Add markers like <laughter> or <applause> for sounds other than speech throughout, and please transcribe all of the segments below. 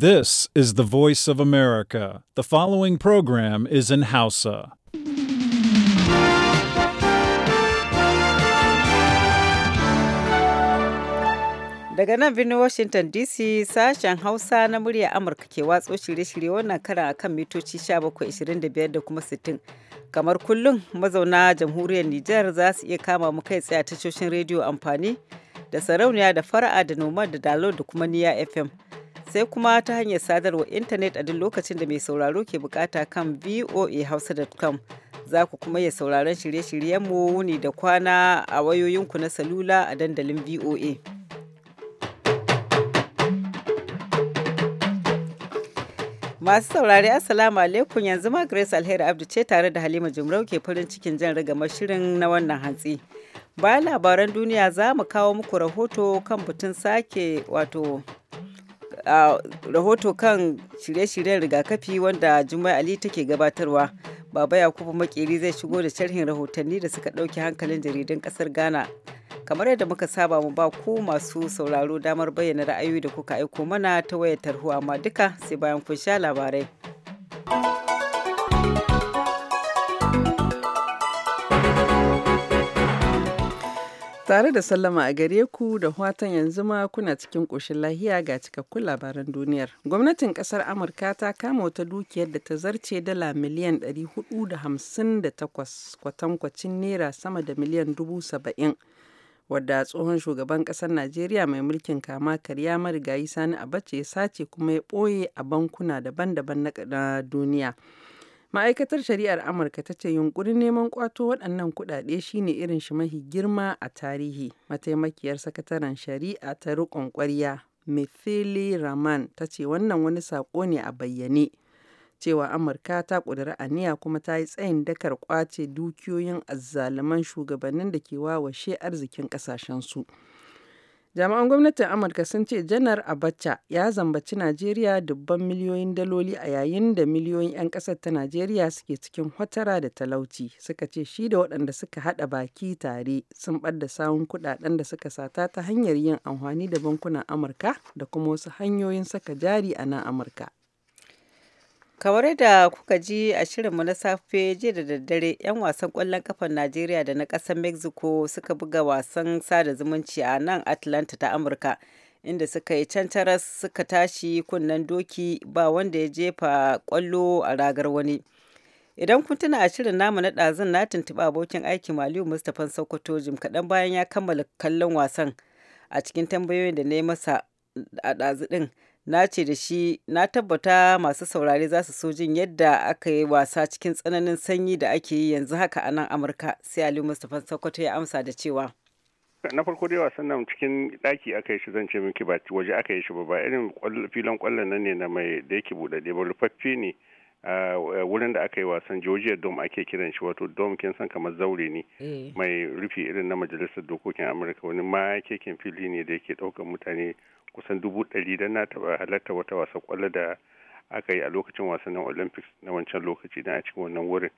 This is the voice of America. The following program is in Hausa. Daga nan birnin Washington DC sashen Hausa na murya Amurka ke watso shirye-shirye wannan karan akan mitoci 1725 da kuma 60. Kamar kullum mazauna jamhuriyar Nijar za su iya kama mu kai tsaye a tashoshin rediyo amfani da sarauniya da fara'a da noma da dalo da kuma niya FM. sai kuma ta hanyar sadarwar intanet a duk lokacin da mai sauraro ke bukata kan voahausa.com za ku kuma ya sauraron shirye-shiryenmu wuni da kwana a wayoyinku na salula a dandalin voa masu saurari assalamu alaikum yanzu ma grace alheri abdu ce tare da halima jimrau ke farin cikin jan rigamar mashirin na wannan hantsi bayan labaran duniya za mu kawo muku rahoto kan butun sake wato a rahoto kan shirye-shiryen rigakafi wanda juma'i Ali take gabatarwa. Baba Yakubu Makeri zai shigo da sharhin rahotanni da suka ɗauki hankalin jaridun ƙasar Ghana. Kamar yadda muka saba mu ba ku masu sauraro damar bayyana ra'ayoyi da kuka aiko mana ta wayar tarho amma duka sai bayan kun sha labarai. Tare da sallama a gare ku da watan yanzu ma kuna cikin ƙoshin lahiya ga cikakkun labaran duniyar. Gwamnatin ƙasar Amurka ta kama wata dukiyar da ta zarce dala miliyan 458 kwatankwacin naira sama da miliyan 70,000 wadda tsohon shugaban ƙasar Najeriya mai mulkin kama karya marigayi Sani Abacha ya sace kuma ya ɓoye a bankuna daban-daban na duniya. Ma'aikatar Shari'ar Amurka ta ce yunƙurin neman ƙwato waɗannan kuɗaɗe shine irin shi mahi girma a tarihi. Mataimakiyar Sakataren Shari'a ta riƙon ƙwarya Mithili Raman ta ce wannan wani saƙo ne a bayyane. cewa Amurka ta ƙudiri aniya kuma ta yi tsayin dakar ƙwace dukiyoyin azzaluman shugabannin da ke wawashe arzikin ƙasashensu. su. Jami'an gwamnatin Amurka sun ce Janar Abacha ya zambaci Najeriya dubban miliyoyin daloli a yayin da miliyoyin 'yan ƙasar ta Najeriya suke cikin hotara da talauci, suka ce shi da waɗanda suka haɗa baki tare sun ɓadda sawun kuɗaɗen da suka sata ta hanyar yin amfani da bankunan Amurka da kuma wasu hanyoyin saka jari a nan Amurka. Kamar da kuka ji a shirinmu na safe jiya da daddare 'yan wasan ƙwallon ƙafar Najeriya da na ƙasar Mexico suka buga wasan sada zumunci a nan Atlanta ta Amurka inda suka yi cancaras suka tashi kunnen doki ba wanda ya jefa ƙwallo a ragar wani. Idan kun tuna a shirin namu na ɗazun na tuntuɓi abokin aiki Maliyu Mustapha Sokoto jim kaɗan bayan ya kammala kallon wasan a cikin tambayoyin da na yi masa a ɗazu ɗin. na ce da shi na tabbata masu saurari za su so jin yadda aka yi wasa cikin tsananin sanyi da ake yi yanzu haka a nan amurka sai ali mustapha sokoto ya amsa da cewa na farko dai wasan nan cikin daki aka yi shi zan ce miki ba waje aka yi shi ba ba irin filin kwallon nan ne na mai da yake buɗaɗɗe ba rufaffe ne wurin da aka yi wasan Georgia Dome ake kiran shi wato Dome kin san kamar zaure ne eh. mai rufi irin na majalisar dokokin Amurka wani ma kekin fili ne da yake ɗaukar mutane kusan dubu ɗari don na taɓa halarta wata wasan kwallo da aka yi a lokacin wasannin olympics na wancan lokaci na a cikin wannan wurin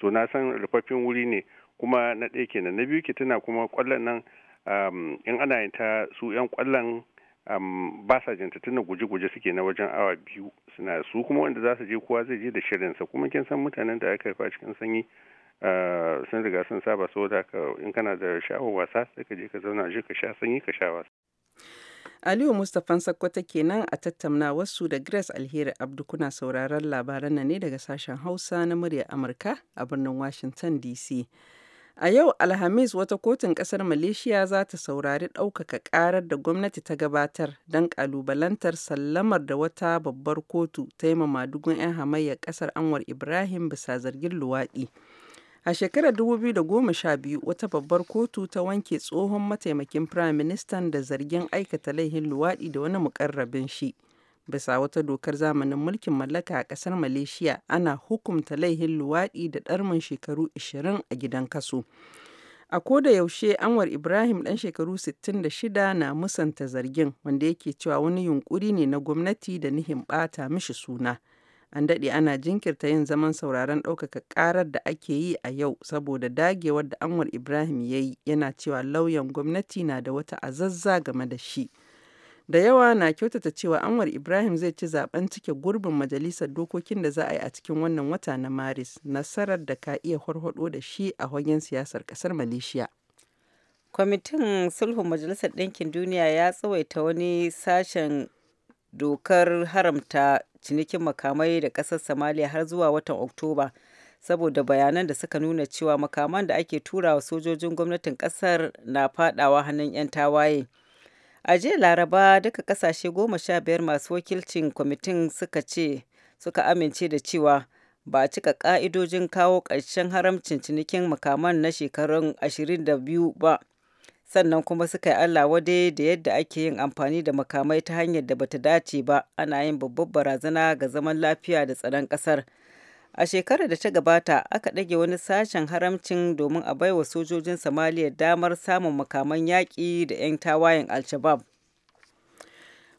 so na san rufaffen wuri ne kuma na ɗaya kenan na biyu ke tana kuma kwallon nan um, in ana yin ta su yan kwallon um, ba sa jinta tunda guje-guje suke na wajen awa biyu suna su kuma wanda za su je kowa zai je da shirinsa kuma kin san mutanen da aka haifa cikin sanyi uh, sun riga sun saba saboda in kana da sha'awar wasa sai ka je ka zauna je ka sha sanyi ka sha wasa Aliyu Mustapha Sakkwata kenan a tattauna wasu da Grace Alheri Abdu kuna sauraron labaran nan ne daga sashen Hausa na muryar Amurka a birnin Washington DC. A yau Alhamis wata kotun ƙasar Malaysia za ta saurari ɗaukaka ƙarar da gwamnati ta gabatar don ƙalubalantar sallamar da wata babbar kotu ta yi madugun 'yan hamayyar ƙasar Anwar Ibrahim bisa zargin luwaɗi. A shekarar 2012 wata babbar kotu ta wanke tsohon mataimakin firaministan da zargin aikata laihin luwaɗi da wani mukarrabin shi. Bisa wata dokar zamanin mulkin mallaka a ƙasar Malaysia ana hukumta laihin luwaɗi da ɗarmin shekaru 20 a gidan kaso. A koda yaushe Anwar Ibrahim ɗan shekaru 66 na musanta zargin wanda yake cewa wani yunkuri ne na gwamnati da nihin ɓata mishi suna. an daɗe ana jinkirta yin zaman sauraron ɗaukaka ƙarar da ake yi a yau saboda dagewar da anwar ibrahim ya yi yana cewa lauyan gwamnati na da wata azazza game da shi da yawa na kyautata cewa anwar ibrahim zai ci zaben cike gurbin majalisar dokokin da za a yi a cikin wannan wata na maris nasarar da ka iya horhoɗo da shi a hagen siyasar ƙasar malaysia kwamitin sulhun majalisar ɗinkin duniya ya tsawaita wani sashen dokar haramta cinikin makamai da ƙasar Somalia har zuwa watan Oktoba. saboda bayanan da suka nuna cewa makaman da ake turawa sojojin gwamnatin ƙasar na fadawa hannun 'yan tawaye a jiya laraba duka ƙasashe goma sha biyar masu wakilcin kwamitin suka ce suka amince da cewa ba a cika ka'idojin kawo ƙarshen haramcin cinikin makaman na shekarun 22 ba sannan kuma suka yi Allah wade da yadda ake yin amfani da makamai ta hanyar da bata dace ba ana yin babbar barazana ga zaman lafiya da tsaron ƙasar. A shekarar da ta gabata aka ɗage wani sashen haramcin domin a baiwa sojojin Somalia damar samun makaman yaƙi da 'yan tawayen Al-Shabaab.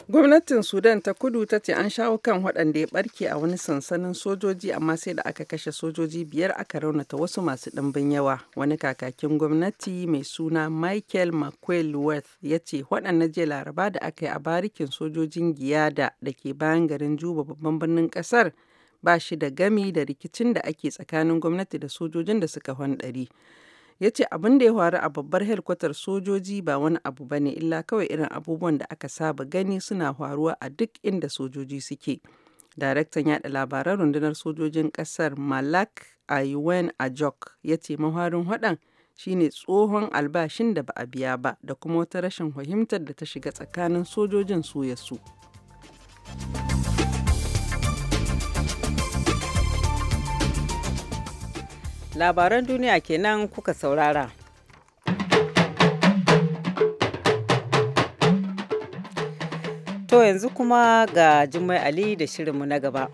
Gwamnatin Sudan ta kudu ta ce an shawo kan waɗanda ya ɓarke a wani sansanin sojoji amma sai da aka kashe sojoji biyar aka raunata wasu masu ɗimbin yawa. Wani kakakin gwamnati mai suna Michael McQuellworth ya ce waɗanda jiya laraba da aka yi a barikin sojojin Giyada da ke bayan garin Juba babban birnin ƙasar ba shi da gami da rikicin da ake tsakanin gwamnati da sojojin da suka hanɗari. ya ce abin da ya faru a babbar helkwatar sojoji ba wani abu ba ne illa kawai irin abubuwan da aka saba gani suna faruwa a duk inda sojoji suke daraktan yada labaran rundunar sojojin kasar malak ayuwen ajok ya ce maharin shi shine tsohon albashin da ba a biya ba da kuma wata rashin fahimtar da ta shiga tsakanin sojojin su ya su. labaran duniya kenan kuka saurara. To yanzu kuma ga Jummai Ali da shirinmu na gaba.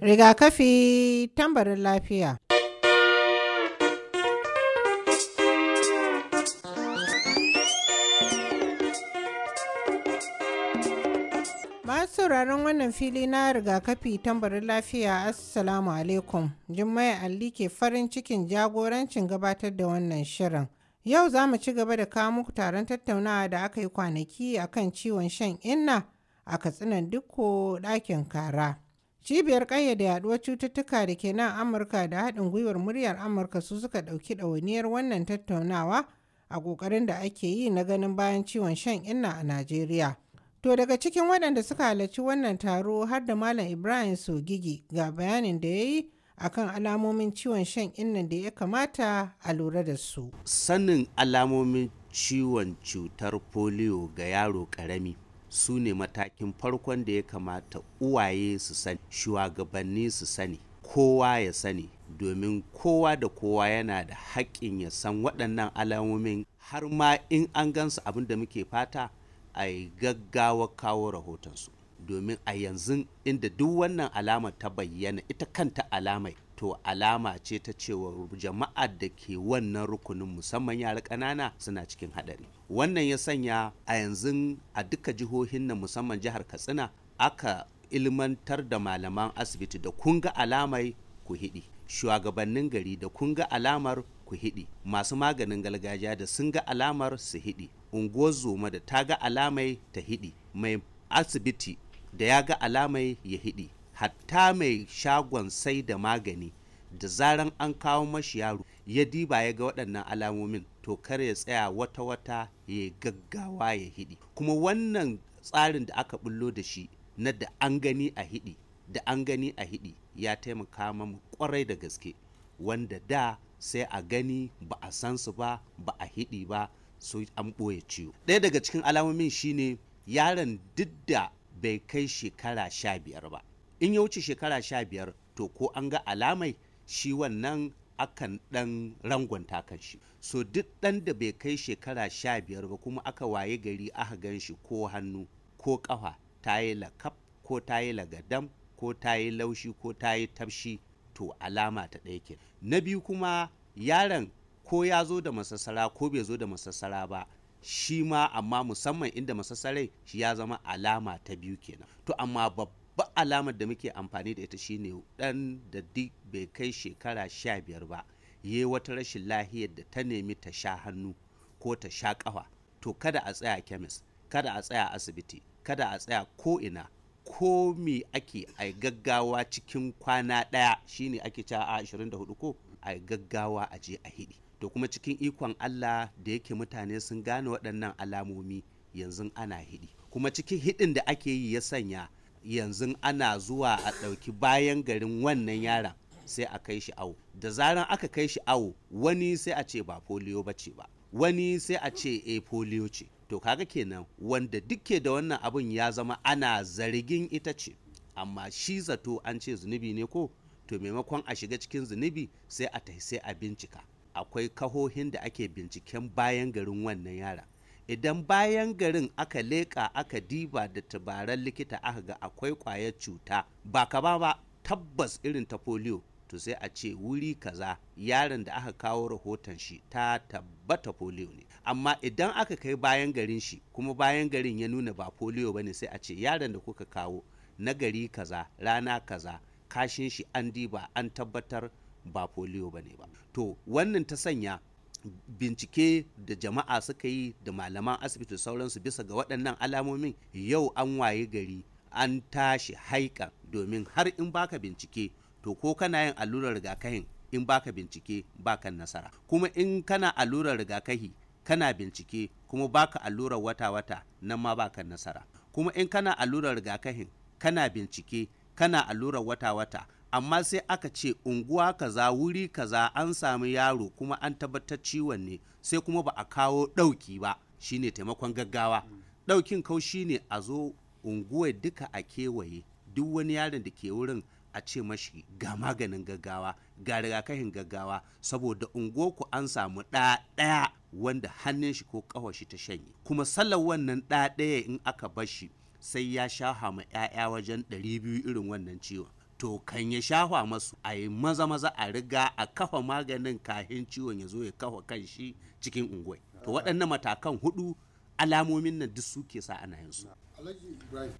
Rigakafi tambarin lafiya. sauraron wannan fili na rigakafi tambarin lafiya assalamu alaikum jummai alli ke farin cikin jagorancin gabatar da wannan shirin yau za mu ci gaba da kawo muku taron tattaunawa da aka yi kwanaki akan ciwon shan inna a katsinan dukko ɗakin kara cibiyar ƙayyade yaduwar cututtuka da ke nan amurka da haɗin gwiwar muryar amurka su suka ɗauki ɗawainiyar wannan tattaunawa a ƙoƙarin da ake yi na ganin bayan ciwon shan inna a najeriya To daga cikin waɗanda suka halarci wannan taro har da Malam Ibrahim Sogigi ga bayanin da ya yi kan alamomin ciwon shan innan da ya kamata a lura da su. Sanin alamomin ciwon cutar polio ga yaro ƙarami su ne matakin farkon da ya kamata uwaye su sani, shugabanni su sani, kowa ya sani, domin kowa da kowa yana da haƙƙin ya san waɗannan alamomin har ma in an gansu abin da muke fata a yi gaggawa kawo rahotonsu domin a yanzu inda duk wannan alamar ta bayyana ita kanta alamai to alama ce ta cewa jama'a da ke wannan rukunin musamman yara ƙanana suna cikin haɗari wannan ya sanya a yanzu a duka jihohin na musamman jihar katsina aka ilmantar da malaman asibiti da kun ga alamai ku hiɗi shugabannin gari da kun ga alamar ku hiɗi masu maganin gargajiya da sun ga alamar su hiɗi unguwar zoma da ta ga alamai ta hidi mai asibiti da ya ga alamai ya hidi hatta mai shagon sai da magani da zaran an kawo mashi yaro ya diba ya ga waɗannan alamomin to kar ya tsaya wata-wata ya gaggawa ya hidi kuma wannan tsarin da aka bullo da shi na da an gani a hidi da an gani a hidi ya taimaka mamu kwarai da gaske wanda da sai a gani ba a san su ba ba a hidi ba so an ɓoye ciwo ɗaya daga cikin alamomin shine yaron duk da bai kai shekara sha biyar ba in ya wuce shekara sha biyar to ko an ga alamai shi wannan akan ɗan rangon kan shi so duk ɗan da bai kai shekara sha biyar ba kuma aka waye gari aka gan shi ko hannu ko ƙafa ta yi lakaf ko ta yi lagadam ko ta yi laushi ko ta yi tafshi to alama ta ɗaya ke na biyu kuma yaron ko ya zo da masassara ko bai zo da masassara ba shi ma amma musamman inda masassarai shi ya zama alama ta biyu kenan to amma babba alamar da muke amfani da ita shine dan da duk bai kai shekara sha biyar ba yi wata rashin lahiyar da ta nemi ta sha hannu ko ta sha kafa to kada a tsaya kemis kada a tsaya asibiti kada a tsaya ko ina ko me ake a gaggawa cikin kwana ɗaya shine ake cewa a 24 ko a gaggawa a je a hidi da kuma cikin ikon Allah da yake mutane sun gane waɗannan alamomi yanzu ana hidi kuma cikin hidin da ake yi ya sanya yanzu ana zuwa a ɗauki bayan garin wannan yaron sai a kai shi awo da zaran aka kai shi awo wani sai a ce ba foliyo ba ce ba wani sai a ce e foliyo ce to kaga kenan wanda dukke da wannan abun ya zama ana zargin ita ce amma shi zato an ce zunubi ne ko to maimakon a shiga cikin zunubi sai a tafi sai a bincika akwai kahohin da ake binciken bayan garin wannan yara idan bayan garin aka leƙa aka diba da tabaran likita aka ga akwai ƙwayar cuta ba ka ba ba tabbas irin ta polio to sai a ce wuri kaza yaron da aka kawo rahoton shi ta tabbata polio ne amma idan aka kai bayan garin shi kuma bayan garin ya nuna ba polio ne sai a ce yaron da kuka kawo na gari kaza rana kaza kashin shi an diba an tabbatar ba polio ba ne ba to wannan ta sanya bincike da jama'a suka yi da malaman asibiti sauransu bisa ga waɗannan alamomin yau an waye gari an tashi haika domin har in baka bincike to ko kana yin allurar rigakahin in baka bincike baka nasara kuma in kana allurar rigakahi kana bincike kuma baka allurar wata-wata nan ma baka nasara kuma in kana allurar rigakahin kana bincike kana allurar wata-wata amma sai aka ce unguwa kaza wuri kaza an samu yaro kuma an tabbatar ciwon ne sai kuma ba a kawo ɗauki ba shine taimakon gaggawa ɗaukin kau shine a zo unguwar duka a kewaye duk wani yaron da ke wurin a ce mashi ga maganin gaggawa ga rigakafin gaggawa saboda unguwarku an samu ɗaya wanda hannun shi ko ƙawar shi ta shanye kuma sallar wannan ɗa ɗaya in aka bar shi sai ya sha hama 'ya'ya wajen 200 irin wannan ciwon to kan ya shafa masu a yi maza maza a riga a kafa maganin kahin ciwon ya zo ya kafa kan shi cikin unguwai to waɗannan matakan hudu alamomin nan duk suke sa ana yin su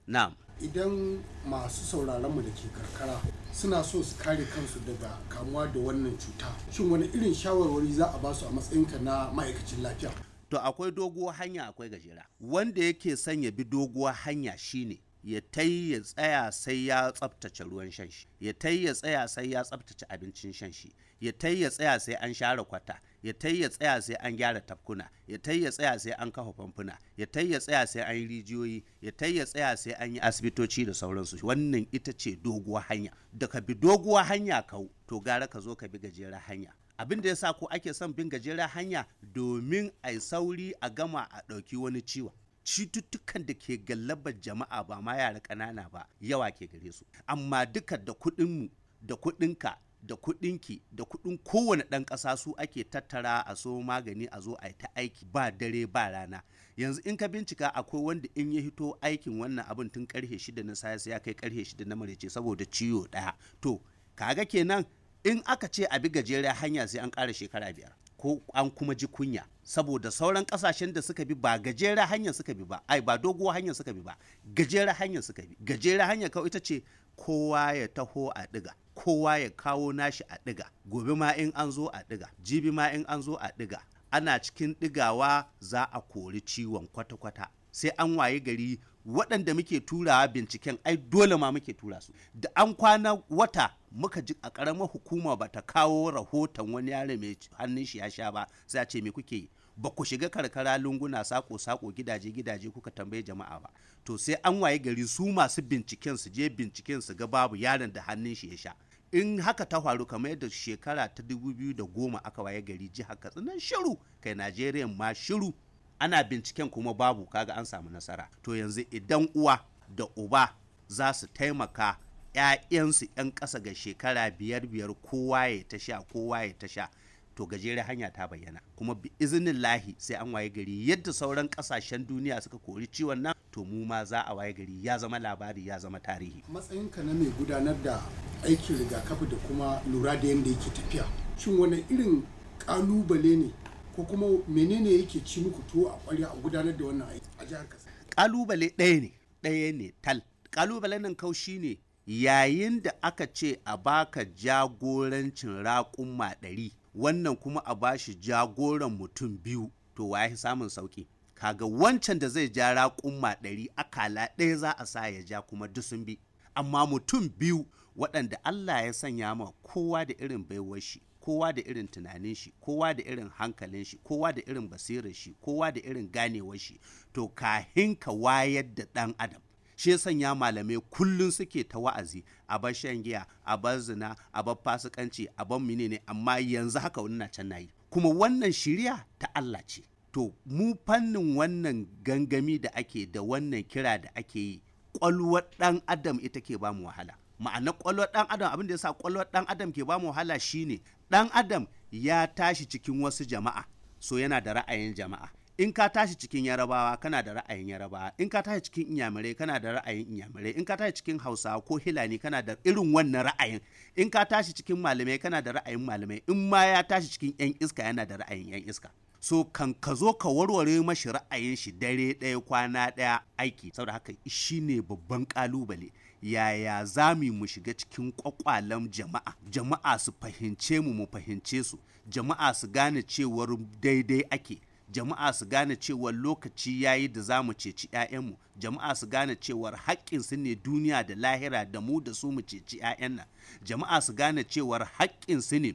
na'am idan masu sauraron mu da ke karkara suna so su kare kansu daga kamuwa da wannan cuta shin wani irin shawarwari za a basu su a matsayinka na ma'aikacin lafiya to akwai doguwar hanya akwai gajera wanda yake son ya bi doguwar hanya shine ya tai ya tsaya sai ya tsabtace ruwan shan shi ya tai ya tsaya sai ya tsabtace abincin shan shi ya tai ya tsaya sai an share kwata ya tai ya tsaya sai an gyara tafkuna ya tai ya tsaya sai an kafa famfuna ya tai ya tsaya sai an yi rijiyoyi ya tai ya tsaya sai an yi asibitoci da sauransu wannan ita ce doguwa hanya da ka bi doguwar hanya kau to gara ka zo ka bi gajeren hanya abin da ya sa ko ake son bin gajeren hanya domin a sauri a gama a ɗauki wani ciwon cututtukan da ke gallabar jama'a ba ma yara kanana ba yawa ke gare su amma duka da kuɗinmu da kuɗinka da kuɗinki da kuɗin kowane ɗan ƙasa su ake tattara a so magani a zo a yi ta aiki ba dare ba rana yanzu in ka bincika akwai wanda in ya hito aikin wannan abin tun karhe shida na sai ya kai karhe shida na marece saboda ciwo ɗaya to kaga kenan in aka ce a bi gajeren hanya sai an ƙara shekara biyar ko an kuma ji kunya saboda sauran kasashen da suka bi ba gajera hanyar suka bi ba ai ba doguwa hanyar suka bi ba gajera hanyar suka bi gajera hanyar kawai ita ce kowa ya taho a diga kowa ya kawo nashi a diga gobe ma in an zo a diga jibi ma in an zo a diga ana cikin digawa za a kori ciwon kwata-kwata sai an wayi gari waɗanda muke turawa binciken ai dole ma muke tura su da an kwana wata muka ji a ƙaramar hukuma ba ta kawo rahoton wani yare mai hannun shi ya sha ba sai a ce me kuke yi ba ku shiga karkara lunguna sako sako gidaje gidaje kuka tambaye jama'a ba to sai an waye gari su masu binciken su je binciken su ga babu yaron da hannun shi ya sha in haka ta faru kamar yadda shekara ta 2010 aka waye gari ji haka tsanan shiru kai najeriya ma shiru ana binciken kuma babu kaga an samu nasara to yanzu idan uwa da uba za su taimaka ‘ya'yansu ‘yan ƙasa ga shekara biyar biyar kowa ya sha kowa ya sha to gajeren hanya ta bayyana kuma bi izinin lahi sai an waye gari yadda sauran ƙasashen duniya suka kori ciwon nan to mu ma za a waye gari ya zama labari ya zama tarihi matsayinka na mai gudanar da aikin rigakafi da kuma lura da yadda yake tafiya shin wani irin ƙalubale ne ko kuma menene yake ci muku tuwo a kwarya a gudanar da wannan aiki a jihar Katsina kalubale ɗaya ne ɗaya ne tal kalubale nan kaushi ne yayin da aka ce a baka jagorancin raƙumma ɗari wannan kuma a bashi jagoran mutum biyu to wa ya samun sauki kaga wancan da zai ja raƙumma ɗari akala ɗaya za a sa ya ja kuma dusun bi amma mutum biyu waɗanda Allah ya sanya ma kowa da irin baiwar shi kowa da irin tunanin shi kowa da irin hankalin shi kowa da irin basirar shi kowa da irin ganewar shi to kahin ka wayar da ɗan adam shi sanya malamai kullum suke ta wa'azi a bar shan giya a bar zina a bar fasikanci a bar menene amma yanzu haka wani na can yi. kuma wannan shirya ta Allah ce to mu fannin wannan gangami da ake da wannan kira da ake yi kwalwar dan adam ita ke ba mu wahala ma'ana kwalwar dan adam abin da yasa kwalwar dan adam ke ba mu wahala shine ɗan adam ya tashi cikin wasu jama'a so yana da ra'ayin jama'a in ka tashi cikin yarabawa kana da ra'ayin yarabawa in ka tashi cikin inyamurai kana da ra'ayin inyamurai in ka tashi cikin hausa ko hilani kana da irin wannan ra'ayin in ka tashi cikin malamai kana da ra'ayin malamai in ma ya tashi cikin yan iska yana da ra'ayin yan iska so kan ka zo ka warware mashi ra'ayin shi dare ɗaya kwana ɗaya aiki saboda haka shi ne babban ƙalubale yaya za mu shiga cikin kwakwalen jama'a jama'a su fahimce mu mu fahimce su jama'a su gane cewar daidai ake jama'a su gane cewar lokaci yayi da za mu ceci 'ya'yanmu jama'a su gane cewar haƙƙin su ne duniya da lahira da mu da su mu ceci 'ya'yan nan jama'a su gane cewar haƙƙin su ne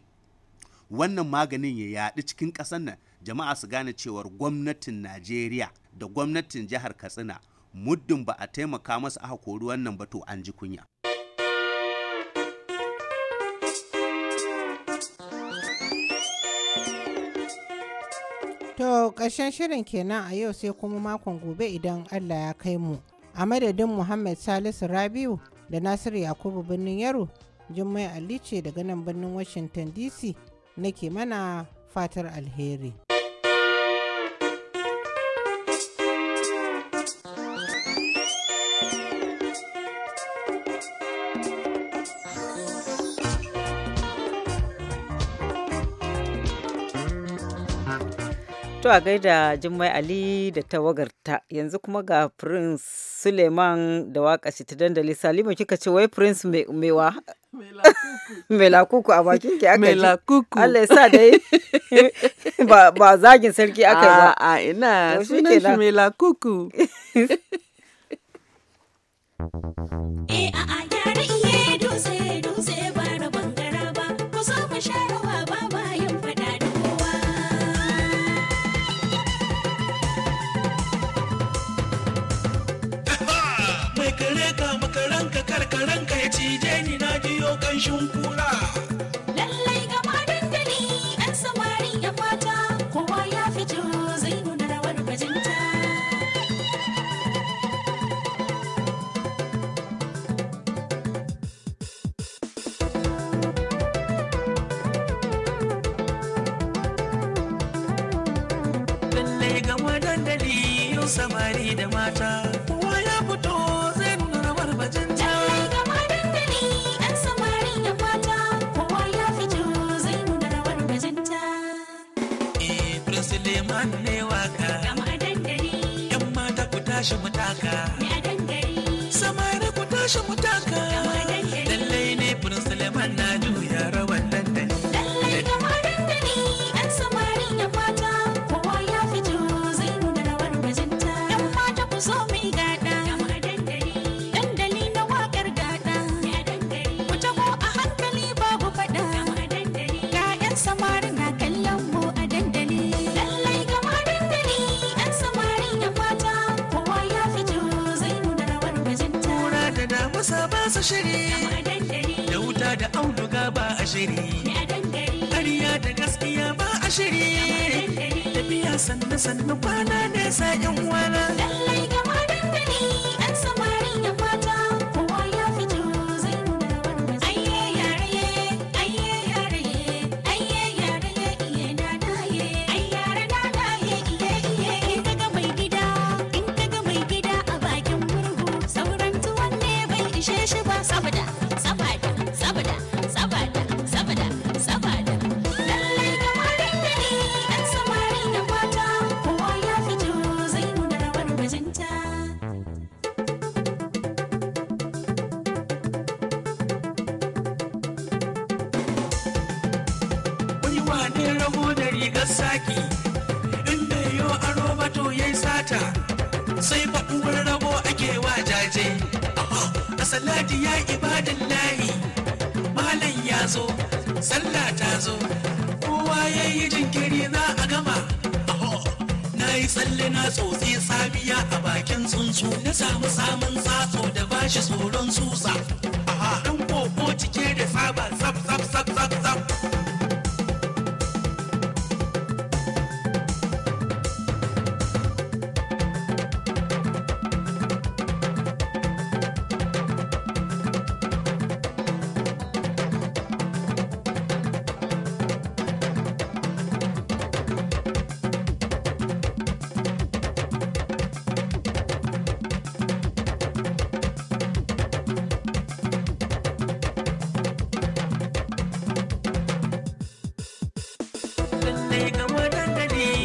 wannan maganin ya yaɗu cikin ƙasar nan jama'a su gane cewar gwamnatin najeriya da gwamnatin jihar katsina muddin ba a taimaka masu aka kori wannan ba to an ji kunya To ƙarshen shirin kenan a yau sai kuma makon gobe idan Allah ya kai mu. A madadin Muhammad Salisu Rabiu da Nasiru Yakubu birnin Yaro, Jummai Ali ce daga nan birnin Washington DC nake mana fatar alheri. To a gaida Jummai Ali da tawagarta yanzu kuma ga Prince Suleiman da waka shi ta dandali Salima kika ce wai Prince mewa Mela kuku <laughs> a bakin ki aka Mela kuku. Allah sa dai <laughs> ba zagin sarki aka yi ba. A ina sunan shi Mela kuku. <laughs> Eh a a yare iye dutse dutse. um na shiri da wuta da auduga ba a shiri ƙarya da gaskiya ba a shiri tafiya sannu sannu kwana nesa yan lallai Wani wane rabo da rigar saki, inda yiwu a robato ya yi sata, sai faɗuwar rabo ake wa jaje. Asalati ya ibadin lahi, Malam ya zo, sallah ta zo, kowa ya yi jinkiri za a gama. yi tsalle na tsotse sabiya a bakin tsuntsu na samu samun tsatso da bashi tsoron tsutsa. A haɗin koko cike da saba tsab tsab tsab. tsab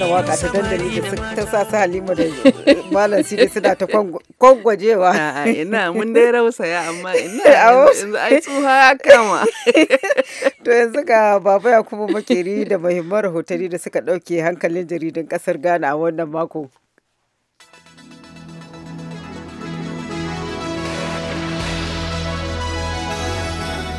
wannan waka ta dandali da ta sa su halima da malam sidi suna ta kwangwajewa ina mun dai rausaya amma ina <laughs> yanzu ai tsuha kama <laughs> to yanzu ga baba ya kuma makeri da muhimman rahotanni da suka ɗauke hankalin jaridan ƙasar ghana a wannan mako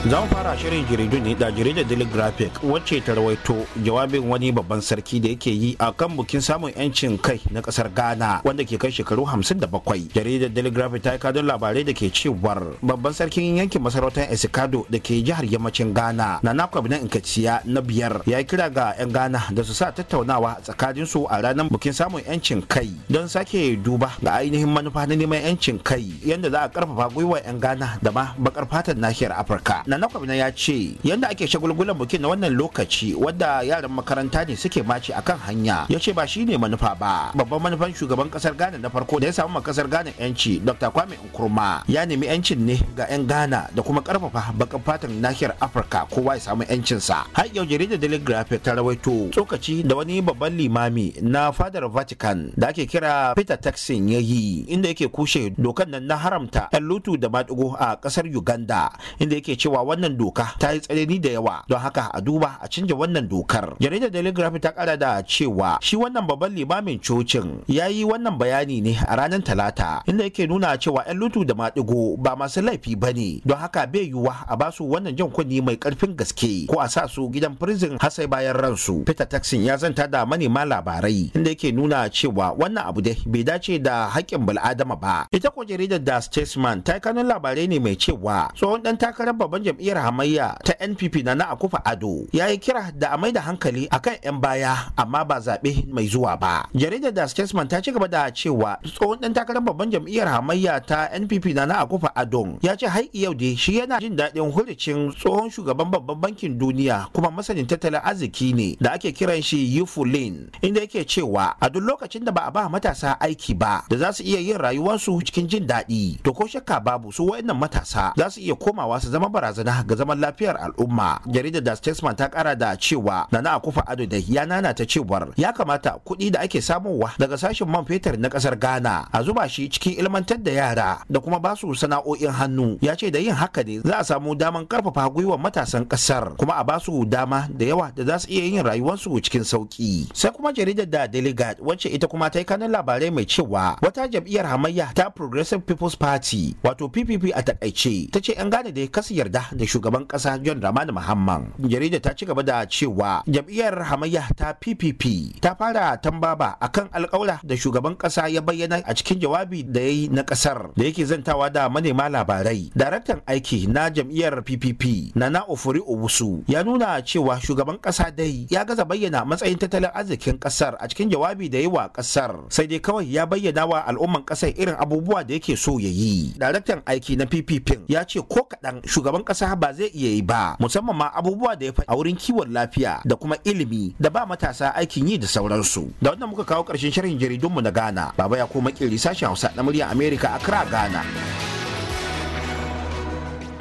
za mu fara shirin jiridu ne da jaridar daily graphic wacce ta rawaito jawabin wani babban sarki da yake yi a kan bukin samun yancin kai na kasar ghana wanda ke kai shekaru 57 jaridar daily graphic ta yi kadon labarai da ke cewar babban sarkin yankin masarautar esikado da ke jihar yammacin ghana na nakwab na inkaciya na biyar ya yi kira ga 'yan ghana da su sa tattaunawa tsakanin su a ranar bukin samun yancin kai don sake duba ga ainihin manufa na neman yancin kai yadda za a karfafa gwiwa 'yan ghana da ma bakar fatan nahiyar afirka na nana na ya ce yadda ake shagulgulan bukin na wannan lokaci wadda yaran makaranta ne suke maci akan hanya ya ce ba shi ne manufa ba babban manufan shugaban kasar ghana na farko da ya samu ma kasar ghana yanci dr kwame nkrumah ya nemi yancin ne ga yan ghana da kuma karfafa bakan fatan nahiyar afirka kowa ya samu yancinsa har yau jaridar daily graphic ta rawaito tsokaci da wani babban limami na fadar vatican da ake kira peter taxin ya yi inda yake kushe dokan nan na haramta yan lutu da maɗigo a ƙasar uganda inda yake cewa cewa wannan doka ta yi tsanani da yawa don haka a duba a canja wannan dokar jaridar daily graphic ta kara da cewa shi wannan babban limamin cocin ya yi wannan bayani ne a ranar talata inda yake nuna cewa 'yan lutu da maɗigo ba masu laifi ba ne don haka bai yiwuwa a ba su wannan jan kunni mai karfin gaske ko a sa su gidan prison har sai bayan ransu peter taxin ya zanta da manema labarai inda yake nuna cewa wannan abu dai bai dace da haƙƙin bil'adama ba ita ko jaridar da statesman ta kanun labarai ne mai cewa tsohon dan takarar babban jam'iyyar hamayya ta npp na na akufa ado ya yi kira da a maida da hankali akan 'yan baya amma ba zaɓe mai zuwa ba jaridar da statesman ta ci gaba da cewa tsohon ɗan takarar babban jam'iyyar hamayya ta npp na na akufa ado ya ce har yau dai shi yana jin daɗin huricin tsohon shugaban babban bankin duniya kuma masanin tattalin arziki ne da ake kiran shi yufu inda yake cewa a duk lokacin da ba a ba matasa aiki ba da za su iya yin rayuwarsu cikin jin daɗi to ko shakka babu su wa'annan matasa za su iya komawa su zama barazana barazana ga zaman lafiyar al'umma jaridar da statesman ta kara da cewa nana akufa ado da ya nana ta cewar ya kamata kuɗi da ake samowa daga sashen man fetur na ƙasar ghana a zuba shi cikin ilmantar da yara da kuma basu sana'o'in hannu ya ce da yin haka ne za a samu daman karfafa gwiwar matasan ƙasar kuma a basu dama da yawa da za su iya yin rayuwarsu cikin sauki sai kuma jaridar da delegate wacce ita kuma ta yi kanin labarai mai cewa wata jam'iyyar hamayya ta progressive people's party wato ppp a takaice ta ce 'yan gane da kasu yarda da shugaban kasa John Dramani Mahamman. Jarida ta ci gaba da cewa jam'iyyar hamayya ta PPP ta fara tambaba akan alƙawla da shugaban kasa ya bayyana a cikin jawabi da ya yi na kasar da yake zantawa da manema labarai. Daraktan aiki na jam'iyyar PPP Nana Ofori Owusu ya nuna cewa shugaban kasa dai ya gaza bayyana matsayin tattalin arzikin kasar a cikin jawabi da yi wa kasar sai dai kawai ya bayyana wa al'umman kasar irin abubuwa da yake so ya yi. Daraktan aiki na PPP ya ce ko kaɗan shugaban kasa kasa ba zai iya yi ba musamman ma abubuwa da ya faɗi a wurin kiwon lafiya da kuma ilimi da ba matasa aikin yi da sauransu da wannan muka kawo ƙarshen sharhin jaridunmu na Ghana baba ya koma makeri sashen Hausa na muryar America Accra Ghana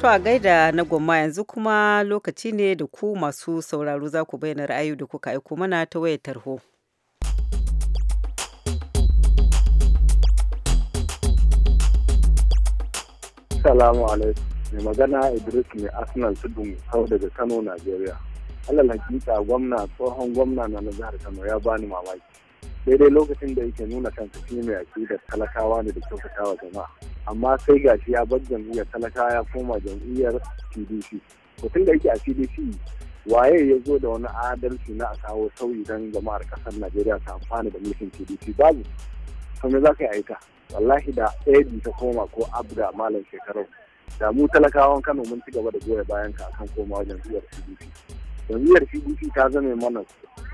To a gaida na goma yanzu kuma lokaci ne da ku masu sauraro za ku bayyana ra'ayi da kuka aiko mana ta wayar tarho. Salamu alaikum. mai magana idris mai arsenal tudun sau daga kano nigeria alal hakika gwamna tsohon gwamna na na jihar kano ya bani mamaki daidai lokacin da yake nuna kansa shi mai ake da talakawa ne da kyautata jama'a amma sai gashi ya bar jam'iyyar talakawa ya koma jam'iyyar pdp mutum da yake a pdp waye ya zo da wani adalci na a kawo sauyi don jama'ar kasar najeriya ta amfana da mulkin pdc babu to me za ka yi aika wallahi da ad ta koma ko abda malam shekarau da mu talakawan kano mun ci gaba da goya bayan ka kan koma jam'iyyar pdp jam'iyyar pdp ta zame mana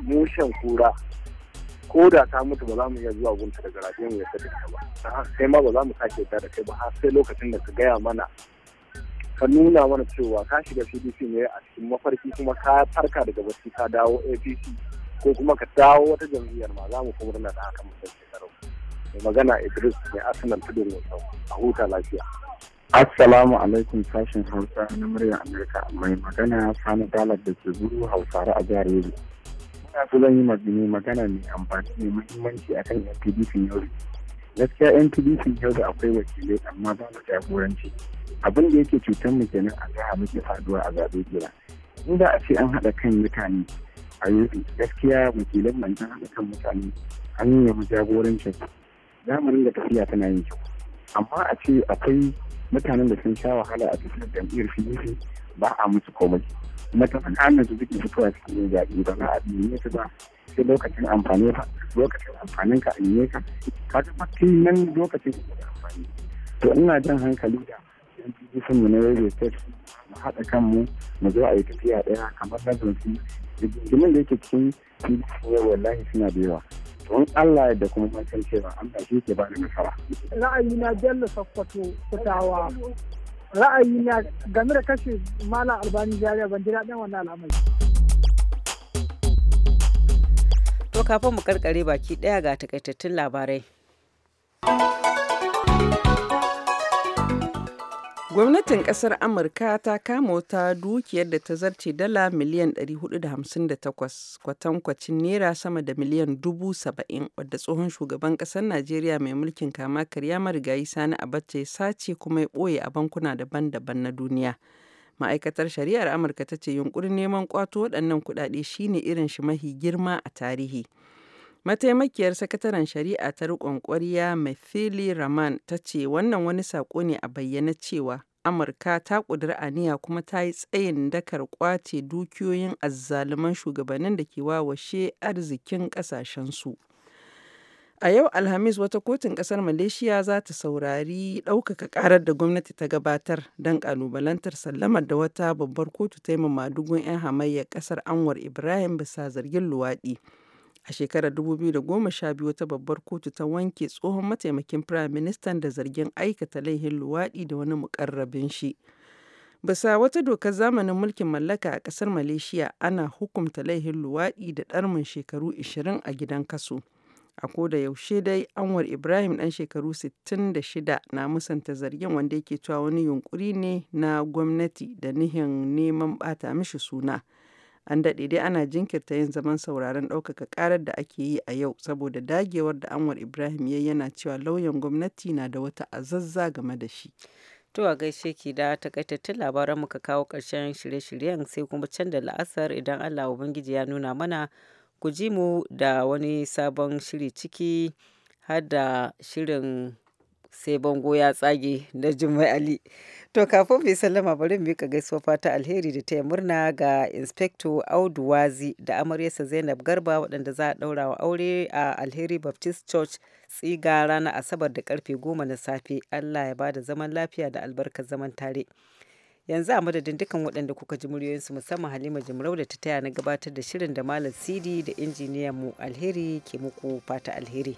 mushen kura ko da ta mutu ba za mu iya zuwa gunta daga rafiyar mu ya ta ba sai ma ba za mu sake ta da kai ba har sai lokacin da ka gaya mana ka nuna mana cewa ka shiga pdp ne a cikin mafarki kuma ka farka daga barci ka dawo apc ko kuma ka dawo wata jam'iyyar ma za mu kuma murna da haka mu magana idris ne arsenal tudun a huta lafiya Assalamu alaikum sashen Hausa na muryar Amurka mai magana Sani Dalar da ke zuru Hausa a jihar Yobe. Ina so zan yi magana magana mai amfani mai muhimmanci akan NPDP Yobe. Gaskiya yau Yobe akwai wakilai amma ba mu jagoranci. Abin da yake cutar mu kenan a jiha muke faduwa a zaɓe kira. Inda a ce an haɗa kan mutane a Yobe gaskiya wakilan nan an haɗa kan mutane an yi jagorancin. Zamanin da tafiya tana yin kyau. Amma a ce akwai mutanen da sun sha wahala a cikin jam'iyyar pdp ba a musu komai kuma ta hannun su suke fitowa cikin yin zaɓe ba za a ɗinye su ba sai lokacin amfani ba lokacin amfanin ka yi ka ka ga tun nan lokacin da amfani to ina jan hankali da yan pdp mu na radio state mu haɗa kanmu mu zo a yi tafiya ɗaya kamar na zanzu rigimin da yake cikin pdp wallahi suna da yawa don Allah da kuma matan cewa ba shi ke bani nasara. ra'ayi Ra'ayina jalla kutawa fitawa na game da kashe mala Albani Zaria ban jira daɗin wannan al'amari. To kafin mu karkare baki ɗaya ga takaitattun labarai. Gwamnatin ƙasar Amurka ta kama wata dukiyar da ta zarce dala miliyan 458 kwatankwacin naira sama da miliyan dubu saba'in wadda tsohon shugaban ƙasar Najeriya mai mulkin kama karya marigayi Sani Abacha ya sace kuma ya ɓoye a bankuna daban-daban na duniya. Ma'aikatar Shari'ar Amurka ta ce yunkurin neman kwato waɗannan kuɗaɗe shine irin shi mahi girma a tarihi. Mataimakiyar Sakataren Shari'a ta riƙon ƙwarya Mathalie Raman ta ce wannan wani saƙo ne a bayyana cewa Amurka ta ƙudiri aniya kuma ta yi tsayin dakar ƙwace dukiyoyin azzaluman shugabannin da ke wawashe arzikin ƙasashensu. A yau Alhamis wata kotun ƙasar Malaysia za ta saurari ɗaukaka ƙarar da gwamnati ta gabatar don ƙalubalantar sallamar da wata babbar kotu ta yi madugun 'yan hamayyar ƙasar Anwar Ibrahim bisa zargin luwaɗi. A shekarar 2012 wata babbar kotu ta wanke tsohon mataimakin firayim ministan da zargin aikata laihin luwaɗi da wani mukarrabin shi. Bisa wata dokar zamanin mulkin mallaka a ƙasar Malaysia ana hukumta laihin luwaɗi da ɗarmin shekaru 20 a gidan kaso. A koda yaushe dai Anwar Ibrahim ɗan shekaru 66 na musanta zargin wanda yake cewa wani yunkuri ne na gwamnati da nihin neman ɓata mishi suna. An daɗe dai ana jinkirta yin zaman sauraron ɗaukaka karar da ake yi a yau saboda dagewar da Anwar Ibrahim ya yana cewa lauyan gwamnati na da wata azazza game da shi. To a gaishe ki da takaitattun labaran muka kawo ƙarshen shirye-shiryen sai kuma can da la'asar idan Allah Ubangiji ya nuna mana ku ji mu da wani sabon shiri ciki har da shirin sai bango ya tsage na Jummai Ali. To kafin mu sallama bari mu ka gaisuwa fata alheri da ta murna ga Inspector Audu Wazi da amaryarsa Zainab Garba waɗanda za a ɗaura wa aure a Alheri Baptist Church tsiga ranar Asabar da karfe goma na safe. Allah ya ba da zaman lafiya da albarka zaman tare. yanzu a madadin dukkan waɗanda kuka ji muryoyinsu musamman halima jimrau da ta taya na gabatar da shirin da malam sidi da injiniyan mu alheri ke muku fata alheri